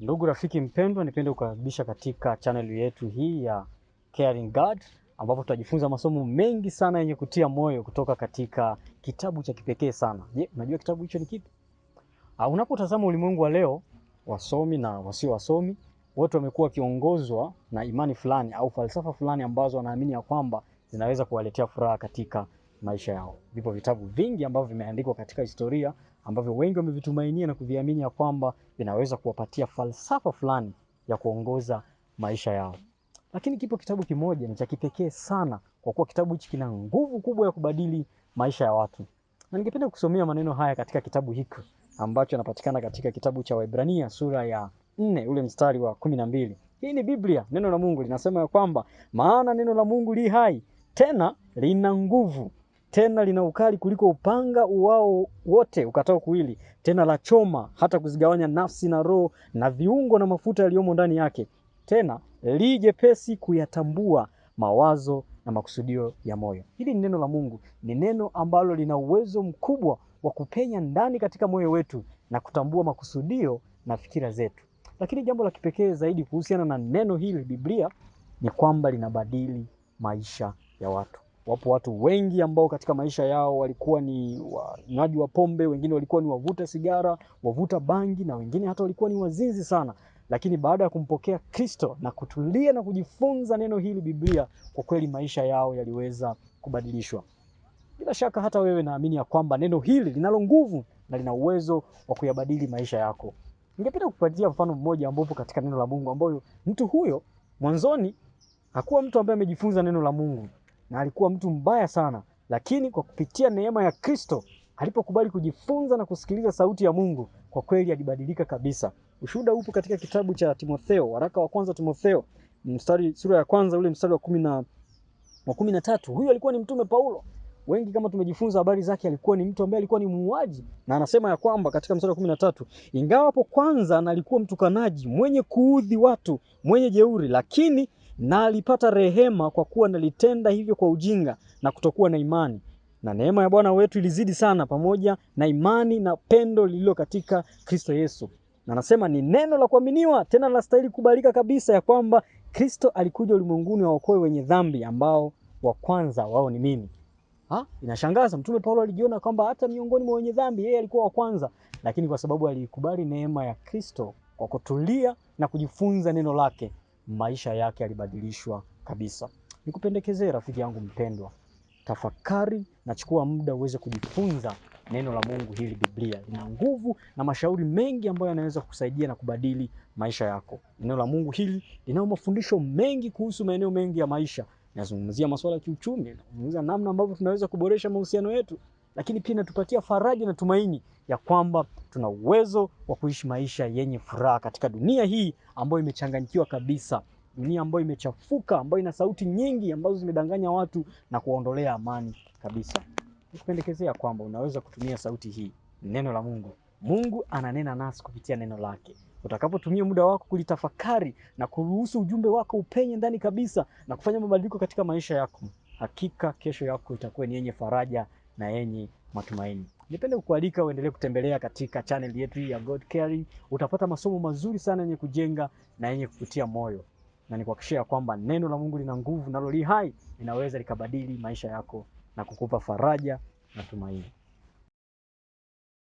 Ndugu rafiki mpendwa, nipende kukaribisha katika channel yetu hii ya Caring God ambapo tutajifunza masomo mengi sana yenye kutia moyo kutoka katika kitabu cha kipekee sana. Je, unajua kitabu hicho ni kipi? Ah, unapotazama ulimwengu wa leo, wasomi na wasio wasomi wote wamekuwa wakiongozwa na imani fulani au falsafa fulani ambazo wanaamini ya kwamba zinaweza kuwaletea furaha katika maisha yao. Vipo vitabu vingi ambavyo vimeandikwa katika historia ambavyo wengi wamevitumainia na kuviamini ya kwamba vinaweza kuwapatia falsafa fulani ya kuongoza maisha yao. Lakini kipo kitabu kimoja ni cha kipekee sana, kwa kuwa kitabu hichi kina nguvu kubwa ya kubadili maisha ya watu, na ningependa kusomea maneno haya katika kitabu hiki ambacho yanapatikana katika kitabu cha Waebrania sura ya nne ule mstari wa kumi na mbili. Hii ni Biblia, neno la Mungu linasema ya kwamba maana neno la Mungu li hai tena lina nguvu tena lina ukali kuliko upanga uwao wote ukatao kuwili, tena la choma hata kuzigawanya nafsi na roho na viungo na mafuta yaliyomo ndani yake, tena li jepesi kuyatambua mawazo na makusudio ya moyo. Hili ni neno la Mungu, ni neno ambalo lina uwezo mkubwa wa kupenya ndani katika moyo wetu na kutambua makusudio na fikira zetu. Lakini jambo la kipekee zaidi kuhusiana na neno hili Biblia ni kwamba linabadili maisha ya watu. Wapo watu wengi ambao katika maisha yao walikuwa ni wanywaji wa pombe, wengine walikuwa ni wavuta sigara, wavuta bangi, na wengine hata walikuwa ni wazinzi sana, lakini baada ya kumpokea Kristo na kutulia na kujifunza neno hili Biblia, kwa kweli maisha yao yaliweza kubadilishwa. Bila shaka hata wewe naamini ya kwamba neno hili linalo nguvu na lina uwezo wa kuyabadili maisha yako. Ningependa kukupatia mfano mmoja ambapo katika neno la Mungu ambayo mtu huyo mwanzoni hakuwa mtu ambaye amejifunza neno la Mungu, na alikuwa mtu mbaya sana, lakini kwa kupitia neema ya Kristo alipokubali kujifunza na kusikiliza sauti ya Mungu, kwa kweli alibadilika kabisa. Ushuhuda upo katika kitabu cha Timotheo, waraka wa kwanza Timotheo mstari, sura ya kwanza ule mstari wa kumi na wa kumi na tatu. Huyu alikuwa ni mtume Paulo. Wengi kama tumejifunza habari zake, alikuwa ni mtu ambaye alikuwa ni muuaji, na anasema ya kwamba katika mstari wa kumi na tatu, ingawa hapo kwanza na alikuwa mtukanaji, mwenye kuudhi watu, mwenye jeuri, lakini na alipata rehema kwa kuwa nalitenda hivyo kwa ujinga na kutokuwa na imani. Na neema ya Bwana wetu ilizidi sana pamoja na imani na pendo lililo katika Kristo Yesu. Na anasema ni neno la kuaminiwa tena stahili kubalika kabisa, ya kwamba Kristo alikuja ulimwenguni waokoe wenye dhambi, ambao wa kwanza wao ni mimi. Ha? Inashangaza, Mtume Paulo alijiona kwamba hata miongoni mwa wenye dhambi yeye alikuwa wa kwanza, lakini kwa sababu alikubali neema ya Kristo kwa kutulia na kujifunza neno lake maisha yake yalibadilishwa kabisa. Nikupendekezee rafiki yangu mpendwa, tafakari na chukua muda uweze kujifunza neno la Mungu hili. Biblia lina nguvu na mashauri mengi ambayo yanaweza kukusaidia na kubadili maisha yako. Neno la Mungu hili linayo mafundisho mengi kuhusu maeneo mengi ya maisha. Nazungumzia masuala ya kiuchumi, nazungumzia namna ambavyo tunaweza kuboresha mahusiano yetu, lakini pia inatupatia faraja na tumaini ya kwamba tuna uwezo wa kuishi maisha yenye furaha katika dunia hii ambayo imechanganyikiwa kabisa, dunia ambayo imechafuka, ambayo ina sauti nyingi ambazo zimedanganya watu na kuwaondolea amani kabisa. Nikupendekezea kwamba unaweza kutumia sauti hii, neno la Mungu. Mungu ananena nasi kupitia neno lake. Utakapotumia muda wako kulitafakari na kuruhusu ujumbe wako upenye ndani kabisa na kufanya mabadiliko katika maisha yako, hakika kesho yako itakuwa ni yenye faraja na yenye matumaini. Nipende kukualika uendelee kutembelea katika channel yetu hii ya God Carry. Utapata masomo mazuri sana yenye kujenga na yenye kukutia moyo, na nikuhakikishia kwamba neno la Mungu lina nguvu nalo li hai, linaweza likabadili maisha yako na kukupa faraja na tumaini.